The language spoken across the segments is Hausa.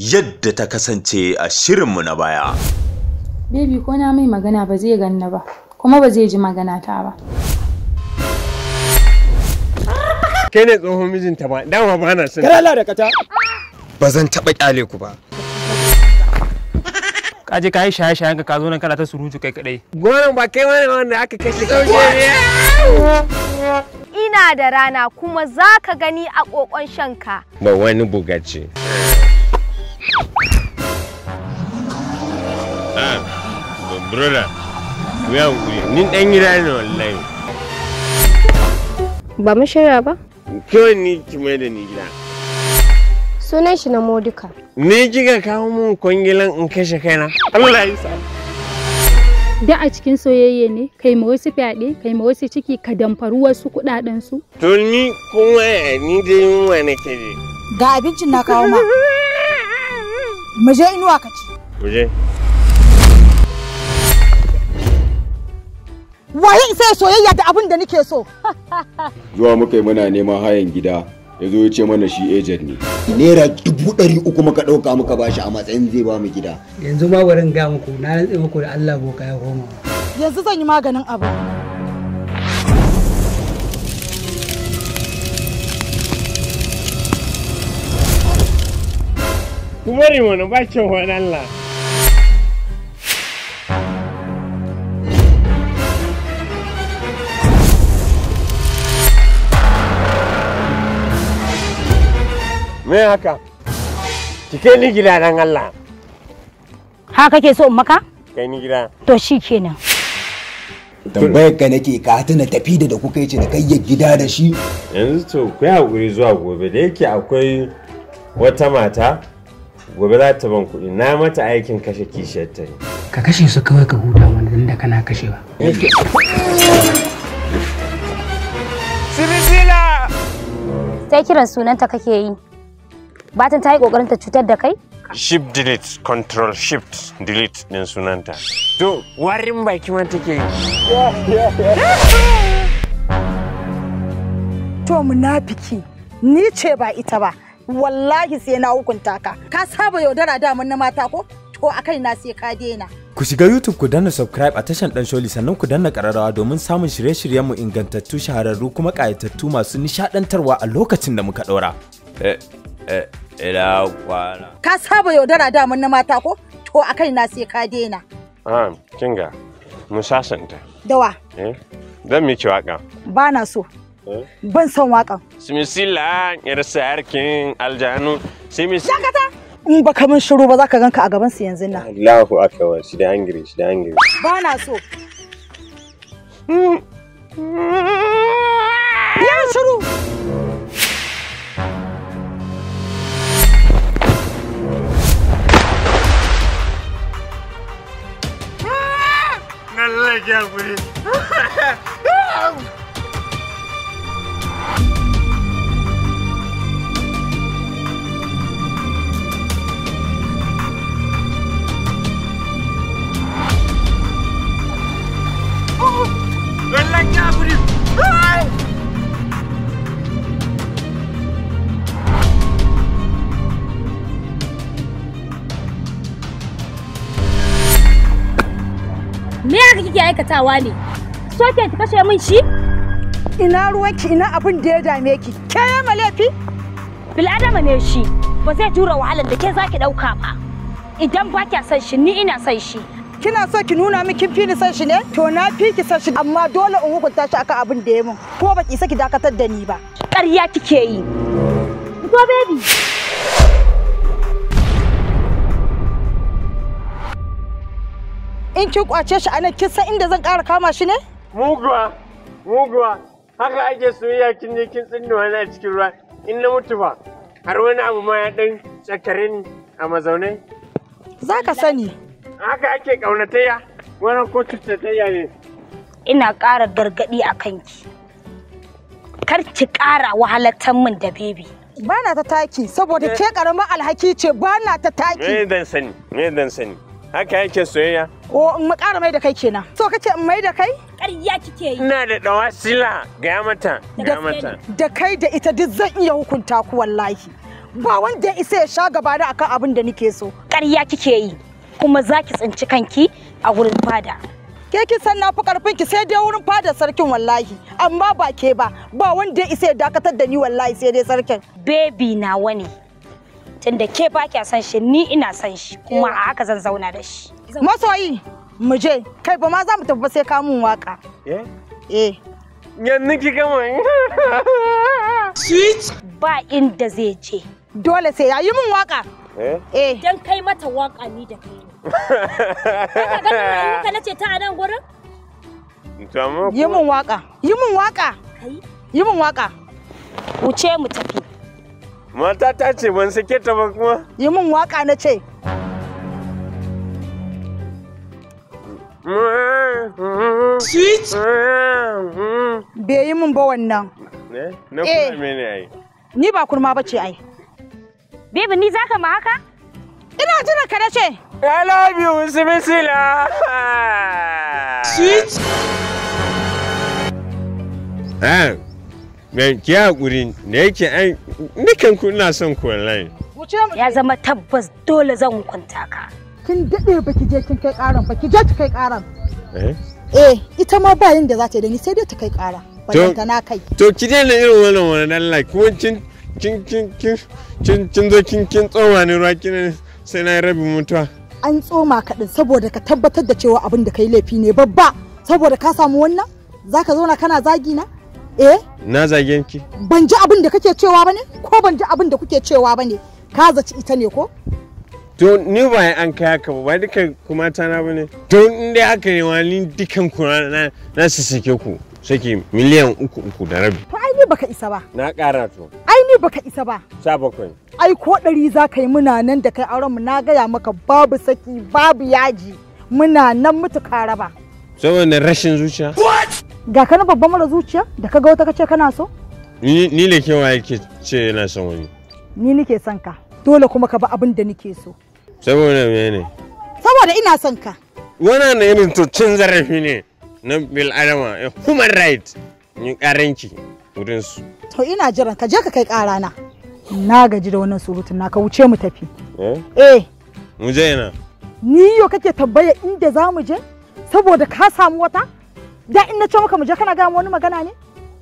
yadda ta kasance a shirinmu na baya. Baby ko na mai magana ba zai ganna ba, kuma ba zai ji magana ta ba. Kai ne tsohon mijinta ba, dama ba na son. Karala da kata. Ba zan taɓa ƙyale ku ba. Ka je ka yi shaye-shayen ka zo nan kana ta surutu kai kaɗai. Gwanan ba kai wani wanda aka kashe ƙaushe ne. Ina da rana kuma za ka gani a ƙoƙon shanka. Ba wani bugaci. Ah, brother ku yi nin dan gida ne wallahi ba mu shirya ba kawai ni ki mai da ni gida sunan shi na modika ne kika kawo mun kwangilan in kashe kaina Allah ya sa da a cikin soyayye ne kai ma wasu fyaɗe kai ma wasu ciki ka damfari wasu kuɗaɗen su to ni kuma ni dai yunwa nake ne ga abincin na kawo ma mu je inuwa ka ci je waye isa ya soyayya da abin da nake so zuwa muka yi muna neman hayan gida ya zo ya ce mana shi agent ne naira dubu ɗari uku muka ɗauka muka bashi a matsayin zai ba mu gida yanzu ma wurin ga muku na rantse muku da allah boka ya koma yanzu zan yi maganin abu kuma bari mana ba kyau wani Allah. Me haka? Cike ni gida dan Allah. Ha kake so maka? Kai ni gida. To shi kenan. Tambayar ka nake ka tuna tafi da kuka yi cinikayyar gida da shi. Yanzu to ku haƙuri zuwa gobe da yake akwai wata mata gobe za ta ban kuɗi na mata aikin kashe kishiyar ta ne ka kashe su kawai ka huta wani da kana kashewa Sirisila! Sai kiran sunanta kake yi. Batan ta yi ƙoƙarin ta cutar da kai? Shift delete, control shift delete ɗin sunanta. To, warin baki man take yi. To munafiki, ni ce ba ita ba. wallahi sai na hukunta ka ka saba yaudara mun na mata ko to akai na sai ka daina Ku shiga YouTube ku danna subscribe a tashan Dan Sholi sannan ku danna ƙararrawa domin samun shirye-shiryenmu ingantattu shahararru kuma ƙayatattu masu nishaɗantarwa a lokacin da muka ɗora. Eh, eh, Ila kwana. Ka saba yaudara mun na mata ko? To a kai na sai ka daina. Ah, kinga, mun sasanta. Dawa. Eh, zan miki waka Ba na so. ban son wakan simisila yar sarkin aljanu simisila shakata in ba ka min shiru ba za ka ganka a gaban su yanzu na Allahu akbar shi da angiri shi da angiri ba na so ya shiru Lallai ya guri. Wannan kafiri! Me ya kike aikatawa ne? Soke ki kashe min shi? Ina ruwanki ina abin da ya dame ki. Ke ya malafi? Bil'adama ne shi. Ba zai jura wahalar da ke zaki dauka ba. Idan ba kya san shi ni ina san shi. kina so ki nuna min kin fi ni san shi ne to na fi ki san shi amma dole in hukunta shi akan abin da ya mun ko baki saki dakatar da ni ba ƙarya kike yi go baby in kin kwace shi anan kin san inda zan ƙara kama shi ne muguwa muguwa haka ake soyayya kin ne kin tsinda wani a cikin ruwa in na mutu ba har wani abu ma ya dan tsakare ni a mazaunai zaka sani Haka ake kaunataya wannan ko cutatayya ne. Ina ƙara gargaɗi a kanki. Kar ki ƙara wahalatar min da bebi. Ba na ta taki, saboda ke ƙaramin alhaki ce ba na ta taki. Me dan sani, me dan sani. Haka yake soyayya. ko in ƙara mai da kai kenan. So kace in mai da kai? Ƙarya kike yi. Ina da sila ga mata, ga mata. Da kai da ita duk zan iya hukunta ku wallahi. Ba wanda ya isa ya sha gaba da akan abin da nake so. Ƙarya kike yi. kuma za ki tsinci kanki a wurin fada. Ke kin san na fi karfin ki sai dai wurin fada sarkin wallahi amma ba ke ba ba wanda ya isa ya dakatar da ni wallahi sai dai sarkin. Baby na wani tunda ke ba kya san shi ni ina san shi kuma a haka zan zauna da shi. Masoyi mu je kai ba ma za mu tafi sai ka mun waka. Eh? Eh. Yanzu ki gama. Switch ba inda zai je. Dole sai yayi mun waka. Eh? Eh. Dan kai mata waka ni da kai. Kana ganin rayuwarka na ce ta a nan gurin? Yi min waka. Yi min waka. Yi min waka. Wuce mu tafi. Mata ta ce ban sake ta ba kuma. Yi min waka na ce. Switch. Bai yi min ba wannan. Na kuma eh. mene ai? Ni ba kurma ce ai. Bibi ni zaka ma haka? Ina jira ka na ce. I love you, Sibisila. Sweet. Ah, ban ki hakuri da yake ai dukan ku ina son ku Ya zama tabbas dole zan hukunta ka. Kin dade baki je kin kai karan baki je ki kai karan. Eh? Eh, ita ma ba da za ta yi da ni sai dai ta kai kara. Balanta na kai. To ki daina irin wannan wannan Allah ko kin kin kin kin kin zo kin kin tsoma ne ruwa kin sai na rabi mutuwa. an tsoma ka din saboda ka tabbatar da cewa abin da kai laifi ne babba saboda ka samu wannan zaka zauna kana zagi na eh na zage ki ban ji abin da kake cewa bane ko ban ji abin da kuke cewa bane ka zaci ita ne ko to ni ba an kai haka ba duka kuma ta na bane to in dai haka ne wani dukan ku na na ku sake miliyan uku uku da rabi. To ai ni baka isa ba. Na ƙara to. Ai ni baka isa ba. Sha bakwai. Ai ko ɗari za ka yi muna nan da kai auren mu na gaya maka babu saki babu yaji muna nan mutu ka raba. Saboda rashin zuciya. Ga ka na babban mara zuciya da ka ga wata ka ce kana so? Ni ne kewa ke ce yana son wani. Ni nike son ka. Dole kuma ka ba abin da nike so. Saboda ne. Saboda ina son ka. Wannan irin to cin zarafi ne. na bil'adama eh, human right ni karanci su. to ina jiran ka je ka kai kara na na gaji da wannan surutun na ka wuce mu tafi eh? eh mu je ina ni yo kake tabbaya inda za mu je saboda ka samu wata da in na ce maka mu je kana gaya wani magana ne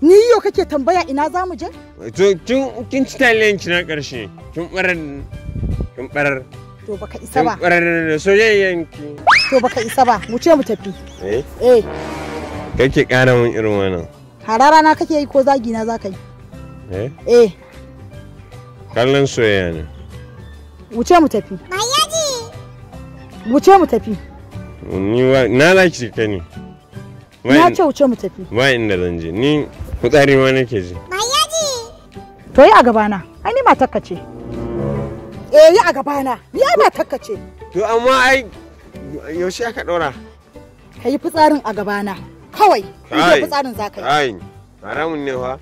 ni yo kake tambaya ina za mu je to kin kin ci talenci na karshe kin barar kin barar To baka isa ba. Soyayyanki. To baka isa ba, mu ce mu tafi. Eh? Eh. Kake ƙara mun irin wannan. Harara na kake yi ko zagi na zaka yi? Eh? Eh. Kallon soyayya ne. Mu ce mu tafi. Mayaji. Mu ce mu tafi. Ni na laki ka ne. Na ce wuce mu tafi. Ba inda zan je. Ni kutsari ma nake ji. Mayaji. To yi a gabana. Ai ni matar ce. eh yi a gabana ni ai matarka ce to amma ai yaushe aka dora? ka yi fitsarin a gabana kawai kai fitsarin za ka yi ai haramun ne fa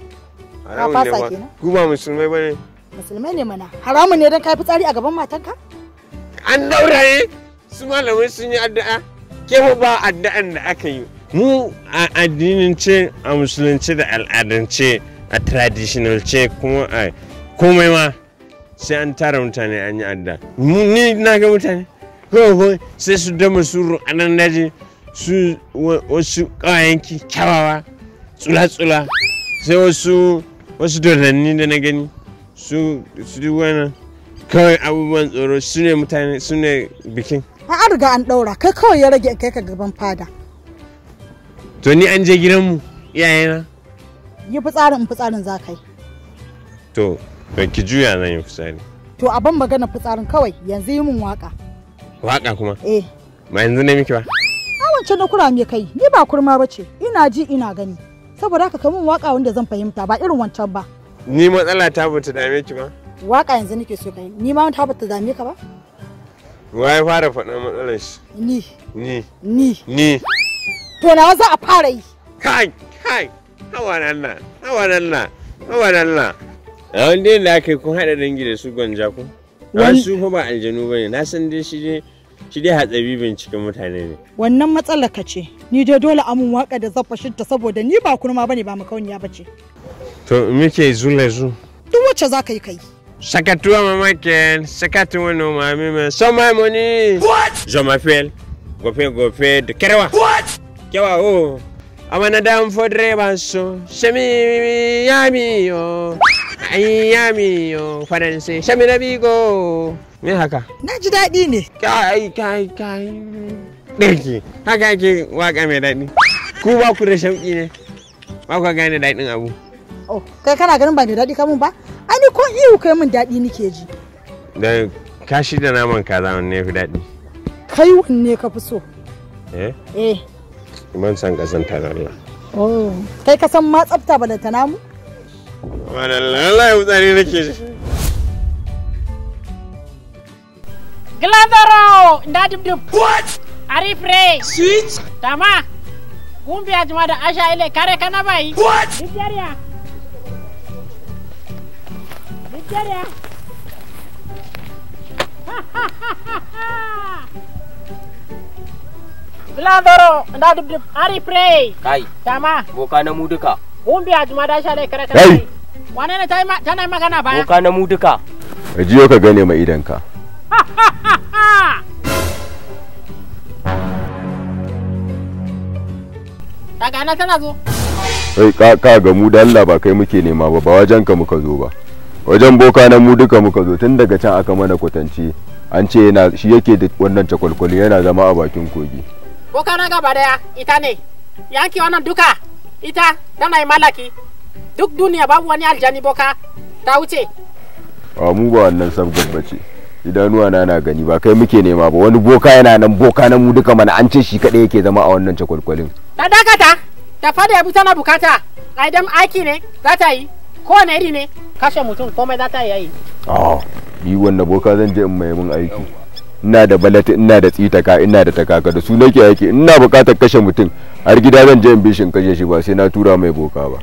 haramun ne fa ku ba musulmai bane musulmai ne mana haramun ne dan kai fitsari a gaban matarka an daura ne su malamai sun yi addu'a ke ba addu'an da aka yi mu a addinin ce, a musulunce da al'adance a traditional ce kuma a komai ma sai an tara mutane an yi adda ni na ga mutane kawai sai su dama suru anan daji su wasu ƙawayenki kyawawa tsula-tsula sai wasu wasu dodanni da na gani su duk wani kawai abubuwan tsoro su ne mutane su ne bikin an riga an ɗaura kai kawai ya rage kai ka gaban fada to ni an je gidanmu iyayena yi fitsarin fitsarin za ka yi to Ban ki juya nan yi fitsari. To a ban magana fitsarin kawai yanzu yi min waka. Waka kuma? Eh. Ma yanzu ne miki ba? A wance na kura me kai ni ba kurma ba ce ina ji ina gani. Saboda haka kamun min waka wanda zan fahimta ba irin wancan ba. Ni matsala ta bata dame ki ba? Waka yanzu nake so kai ni ma ta bata dame ka ba? Wai fara faɗa matsalar shi. Ni. Ni. Ni. Ni. To nawa za a fara yi. Kai kai hawa nan na hawa nan na hawa nan na. a wanda da aka yi kun haɗa dangi da su gwanja ku wani su ba aljanu ba ne na san dai shi ne shi dai hatsabi binciken mutane ne wannan matsala ka ce ni dai dole amun waka da zafashin ta saboda ni ba kurma ne ba makauniya bace to me ke zule zu duk wacce ka yi kai sakatuwa mamakin, sakatuwa no mami me so Mamoni, what je gofe gofe da kerewa what kewa oh amanada nfodre banso shemi yamiyo ai yamiyo faranse shemi na bigo me haka na ji daɗi ne kai kai kai deki haka ake waka mai daɗi ku ba ku da shauƙi ne ba ku gane daɗin abu oh kai kana ganin ba da daɗi kamun ba ani ko ihu kai mun daɗi nike ji da kashi da naman kaza wanne fi daɗi kai wanne ka fi so eh eh man san kazanta da Allah oh kai ka san ma tsafta ba da tana mu? wallahi wutsari nake shi Gladaro da dubdub. What? Arif re. Sweet. Tama. Kumbi ajma da asha ile kare kana bai. What? Nigeria. Nigeria. la doro nda ari pray kai tama boka na mu duka umbi ajuma da sha dai kare kare wane ne tai tana magana ba. boka na mu duka jiyo ka gane mai idan ka daga na tana zo kai ka ka ga mu da Allah ba kai muke nema ba ba wajen ka muka zo ba wajen boka na mu duka muka zo tun daga can aka mana kwatance an ce yana shi yake da wannan cakwalkwali yana zama a bakin kogi kokana gaba daya ita ne yanki wannan duka ita tana nai malaki duk duniya babu wani aljani boka ta wuce a mu ba wannan sabgar bace idanuwa na na gani ba kai muke nema ba wani boka yana nan boka na mu duka mana an ce shi kadai yake zama a wannan cakwalkwalin ta dakata ta fada yabi tana bukata ai dan aiki ne za ta yi kowane iri ne kashe mutum komai za ta yi yi ah, ni wannan boka zan je in mai mun aiki ina da balati ina da tsitaka ina da takaka da su nake yake ina bukatar kashe mutum har gida zan je in bi shin kashe shi ba sai na tura mai boka ba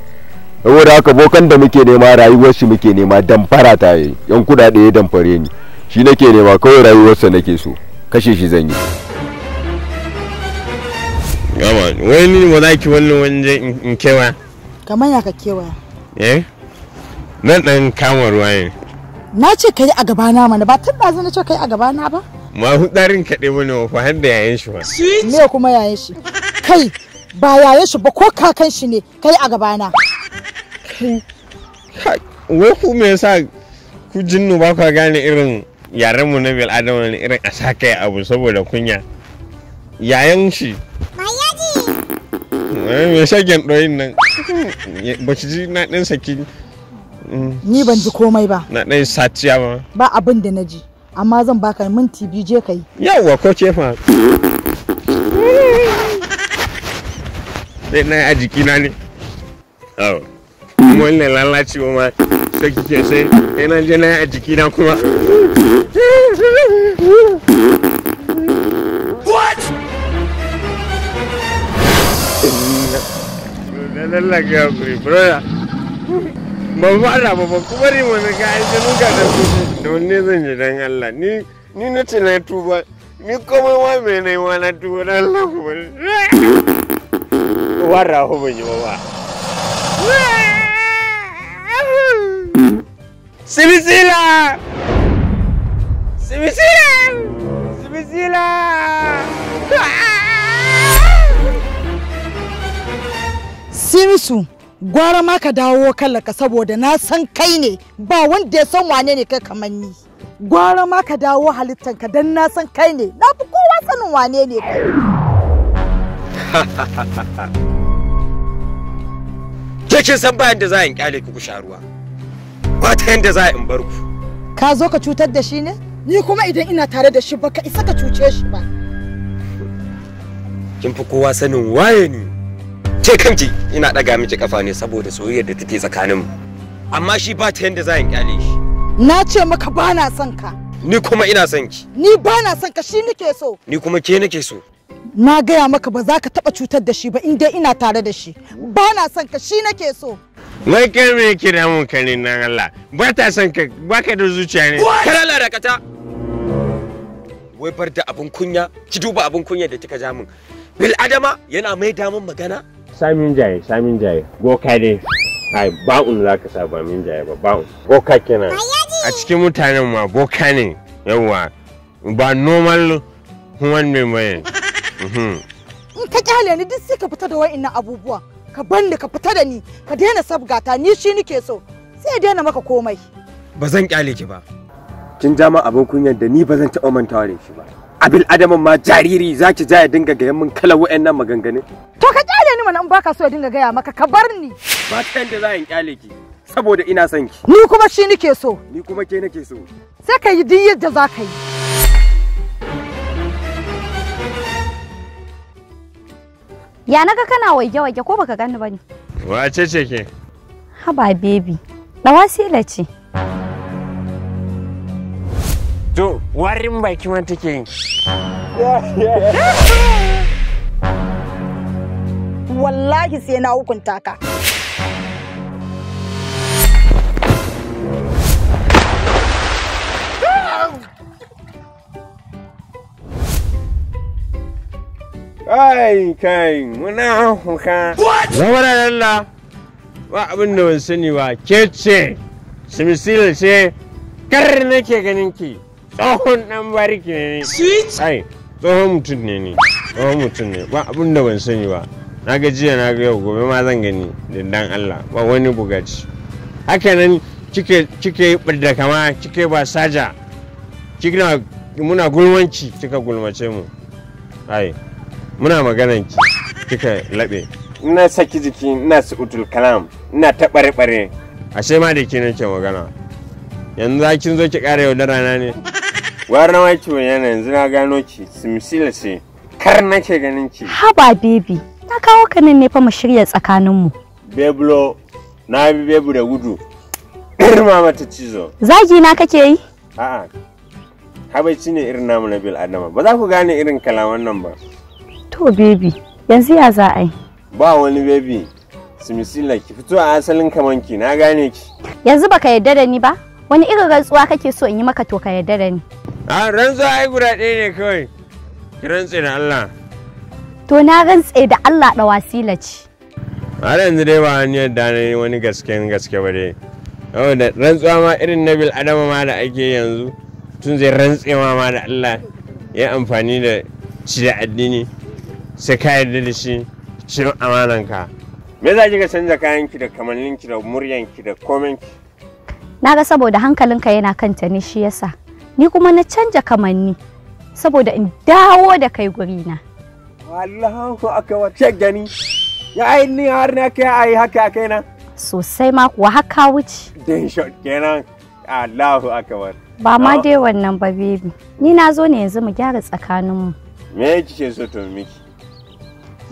saboda haka bokan da muke nema rayuwar shi muke nema damfara ta yi yan kudade ya damfare ni shi nake nema kawai rayuwarsa nake so kashe shi zan yi gama wani ne ba za ki wannan wanje in kewa kamar ya ka kewa eh nan dan kama ruwa ne na ce kai a gabana mana ba tun da zan ce kai a gabana ba ma hudarin kaɗe mana wa har da yayan shi ba me kuma yayan shi kai ba yayan shi ba ko kakan shi ne kai a gabana wai ku me yasa ku jinnu ba ka gane irin yaren mu na bil adam ne irin a sa kai abu saboda kunya yayan shi eh, me shagen ɗoyin nan ba ki ji na ɗan saki ni ban ji komai ba na ɗan satiya ba ba abin da na ji amma zan baka minti biyu je ka yi yawwa ko ce fa sai na a jikina ne kuma ne lalaci ma sai kike sai yana je na a jikina kuma What? ba da ba ba ku ne mu ga mun ga da su da ne zan ji dan Allah ni ni na ce na tuba ni komai ma mai ne wa na tuba dan Allah ku bari wara ho ban yi ba Sibisila! Sibisila! Sibisila! Simisu! gwara ma ka dawo kallaka saboda na san kai ne ba wanda ya san wane ne kai kamar ni gwara ma ka dawo halittanka don na san kai ne na fi kowa sanin wane ne kai ke kin san ba yanda za in kyale ku sha ruwa ba ta yadda za in bar ku ka zo ka cutar da shi ne ni kuma idan ina tare da shi ba ka isa ka cuce shi ba kin fi kowa sanin waye ne ke kanki ina daga miki kafa ne saboda soyayyar da take tsakanin mu amma shi ba ta yanda za in kyale shi na ce maka ba na son ka ni kuma ina son ki ni ba na son ka shi nake so ni kuma ke nake so na gaya maka ba za ka taba cutar da shi ba in dai ina tare da shi ba na son ka shi nake so wai kai me yake da mun kare nan Allah ba ta son ka ba ka da zuciya ne kar Allah kata wai bar da abun kunya ki duba abun kunya da kika ja min bil adama yana mai damun magana samin jaye samin jaye goka ne ai ba'un za ka sa ba min jaye ba ba'un goka kenan a cikin mutanen ma goka ne yawwa ba normal human being bane mhm. in ka kyale ni duk sai ka fita da wa'annan abubuwa ka banda ka fita da ni ka daina sabgata ni shi nike so sai daina maka komai ba zan kyale ki ba kin ja ma abin kunyar da ni ba zan taɓa mantawa da shi ba abil adamin ma jariri zaki ja ya dinga gayan min kala wa'annan maganganun to ka ni mana in baka so ya dinga gaya maka ka bar ni ba ta yanda za in kyale ki saboda ina son ki ni kuma shi nike so ni kuma ke nake so sai ka yi duk yadda za ka yi ya naga kana waige-waige ko baka gani bane wace ce ke haba baby wasila ce to warin baki man take yin wallahi sai na hukunta ka Ai kai muna huka. Zama da ba abin da ban sani ba ke ce Simisil ce kar nake ganin ki tsohon dan bariki ne. Ai tsohon mutum ne ne tsohon mutum ne ba abin da ban sani ba. na ga jiya na ga yau gobe ma zan gani dindan Allah ba wani bugaci hakanan kike kike da kama kike ba saja kike muna gulmanci kika gulmace mu ai muna maganan ki kika labe ina saki jiki ina su'utul kalam ina ta bare ashe ma da ke nake magana yanzu za kin zo ki ƙara yau da rana ne wayar na waki yana yanzu na gano ki simsila ce kar nake ganin ki haba baby kawo ka nan ne fa mu shirya tsakaninmu. Beblo, na bi bebu da gudu. Irma mata cizo. Zagi na kake yi? A'a. Habaici ne irin namu na bil adama. Ba za ku gane irin kalaman nan ba. To bebi, yanzu ya za a yi? Ba wani bebi. Simisila ki fito a asalin kamanki, na gane ki. Yanzu baka yarda da ni ba? Wani irin rantsuwa kake so in yi maka to ka yarda da ni? A rantsuwa ai guda ɗaya ne kawai. Ki rantse da Allah. to na rantse da Allah da wasila ce har yanzu dai ba wani yadda na yi wani gasken gaske ba dai saboda rantsuwa ma irin na bil adama ma da ake yanzu tun zai rantsewa ma da Allah ya amfani da shi da addini sai ka yarda da shi cin amananka me za ki ga canza kayan ki da ki da muryan ki da ki. na ga saboda ka yana kanta ne shi yasa ni kuma na canja kamanni saboda in dawo da kai gurina Allahu akbar ce gani ya ai ni har na kai ai haka na. sosai ma kuwa haka wuce din shot kenan Allahu akbar ba ma dai wannan ba baby ni na zo ne yanzu mu gyara tsakanin mu. me kike so to miki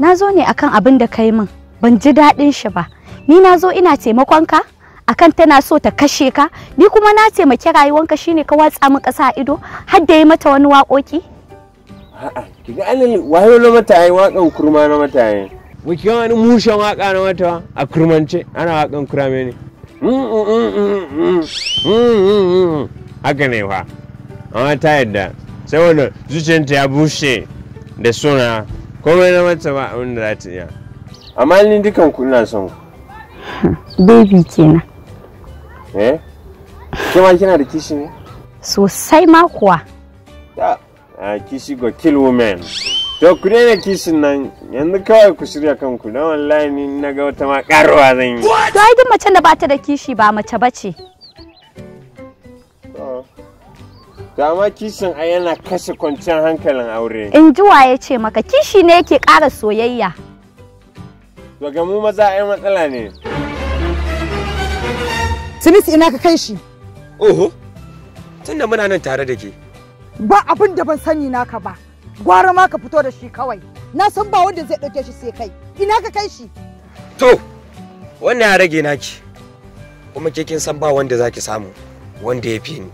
na zo ne akan abin da kai min ban ji daɗin shi ba ni na zo ina taimakon ka akan tana so ta kashe ka ni kuma na taimaki rayuwanka shine ka watsa min ƙasa a ido har da yi mata wani waƙoƙi a'a kiga alal wayo na mataye wakan kurma na mataye wuki wani mushen waka na mata a kurmance ana waƙan kurame ne haka ne fa amma ta yadda saboda zuciyarta ya bushe da suna komai na mata ba abin da za ta iya amma ni dukan ku ina son ku baby kenan eh kima kina da kishi ne sosai ma kuwa ah. a kishi ga kill women to ku daina kishin nan yanzu kawai ku shirya kanku don wallahi ni na ga wata ma karuwa zan yi to ai duk macen da bata da kishi ba mace bace to amma kishin ai yana kashe kwanciyar hankalin aure in ji ya ce maka kishi ne yake ƙara soyayya to ga mu maza ai matsala ne Sinis ina ka kai shi oho tunda muna nan tare da ke ba abin da ban sani naka ba gwara ma ka fito da shi kawai na san ba wanda zai dauke shi sai kai ina ka kai shi to wannan ya rage naki kuma ke kin san ba wanda zaki samu wanda ya fi ni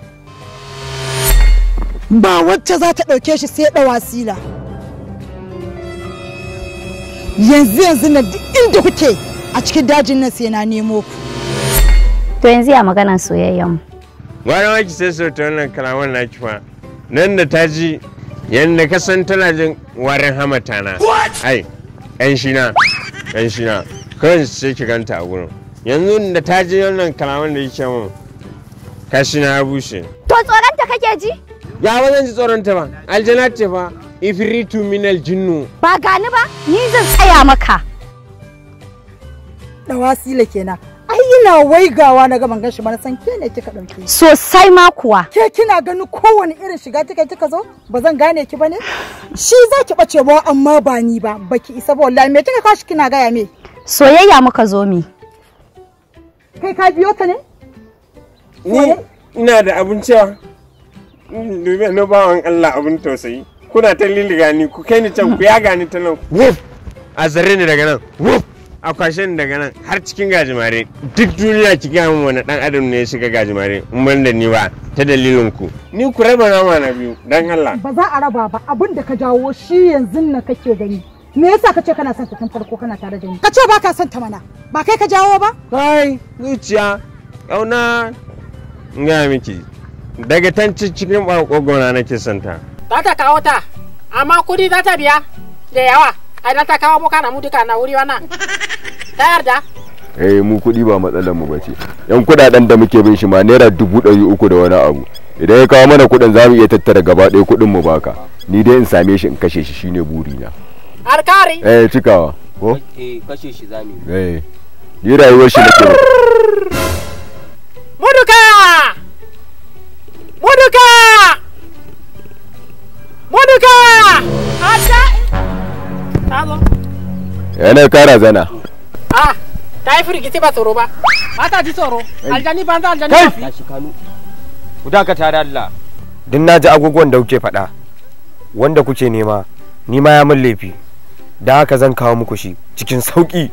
ba wacce za ta dauke shi sai da wasila yanzu yanzu na duk inda kuke a cikin dajin nan sai na nemo ku to yanzu ya magana soyayyen mu ma ki sai sautin wannan kalaman naki fa nan da ta ji yadda ka san tana jin warin hamata na ai ƙanshina ƙanshina kawai sai ki ganta a gurin yanzu da ta ji wannan kalaman da yake mun kashi na bushe to tsoronta kake ji ya wajen ji tsoronta ba aljana ce fa ifritu minal jinnu ba gani ba ni zan tsaya maka da wasila kenan ai yana waigawa na gaban gashi ba san ke ne kika dauke sosai ma kuwa ke kina gani kowane irin shiga kika kika zo ba zan gane ki bane shi zaki bace ba amma ba ni ba baki isa ba wallahi me kika kashi kina gaya me soyayya muka zo mi kai ka biyo ta ne ni ina da abin cewa mm, dubi no bawan Allah abin tausayi kuna ta liliga ni ku kai ni can ku ya gani ta nan wuf a zare ni daga nan wuf a kwashen daga nan har cikin gajimare duk duniya ki gaya min wani dan adam ne ya shiga gajimare in ban da ni ba ta dalilin ku ni ku raba nama na biyu dan Allah ba za a raba ba abin da ka jawo shi yanzu na kake gani me yasa kace kana son ta tun farko kana tare da ni kace ba ka son ta mana ba kai ka jawo ba kai zuciya kauna in gaya miki daga tan cikin barkogona nake son ta za ta kawo ta amma kudi za ta biya da yawa ai za ta kawo muka na mu duka na wuri wannan ka yarda eh mu kuɗi ba matsalar mu bace yan kuɗaɗen da muke bin shi ma naira dubu ɗari uku da wani abu idan ya kawo mana kuɗin za mu iya tattara gaba ɗaya kuɗin mu baka ni dai in same shi in kashe shi shine burina alkari eh cikawa ko eh kashe shi za mu eh ni rayuwar shi nake muduka muduka muduka asa yana eh, kara zana a ah, ta yi firgici ba tsoro ba ba ta ji tsoro aljani ban za aljani ba fi ku da ka tare Allah duk na ji agogon da kuke faɗa wanda kuke nema ni ma ya min laifi da haka zan kawo muku shi cikin sauki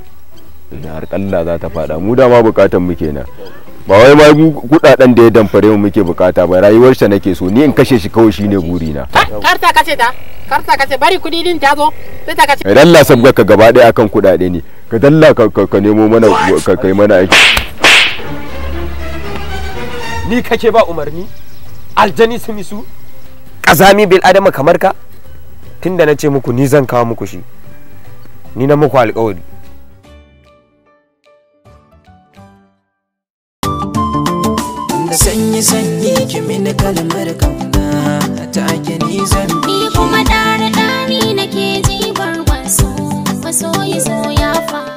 har kalla za ta faɗa mu da ma bukatan mu kenan ba wai ma kudaden da ya damfare mu muke bukata ba rayuwar sa nake so ni in kashe shi kawai shine buri na karta kace ta karta kace bari kudi din ta zo sai ta kace idan la sabga ka gaba daya akan kudade ne ka dalla ka nemo mana ka mana aiki ni kake ba umarni aljani su misu ƙazami bil adama kamar ka tunda na ce muku ni zan kawo muku shi ni na muku alkawari. da sanyi sanyi ki mini kalmar kauna ta ake ni zan ni kuma ɗari ɗari nake ji maso masoyi soya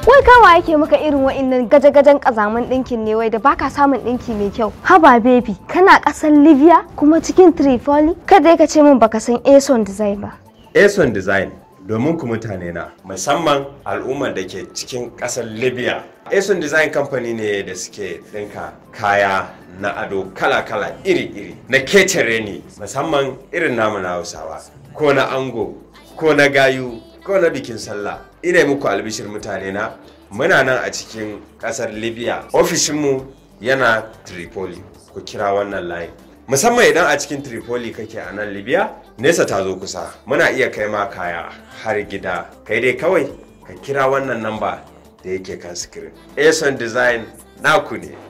Wai kawa yake maka irin wa'annan gaje-gajen kazaman ɗinkin ne wai da baka samun ɗinki mai kyau. Haba baby, kana ƙasar Libya kuma cikin Tripoli? Kada ka ce min baka san Ason Design ba. Ason Design domin ku mutane na musamman al'ummar da ke cikin ƙasar Libya. Ason Design Company ne da suke ɗinka kaya na ado kala-kala iri-iri na ketare ne musamman irin namu na Hausawa ko na ango ko na gayu ko na bikin sallah ina muku albishir mutane na muna nan a cikin kasar libya ofishinmu yana tripoli ku kira wannan layin musamman idan a cikin tripoli kake a nan libya nesa ta zo kusa muna iya kai ma kaya har gida kai dai kawai ka kira wannan namba da yake kan screen ason design naku ne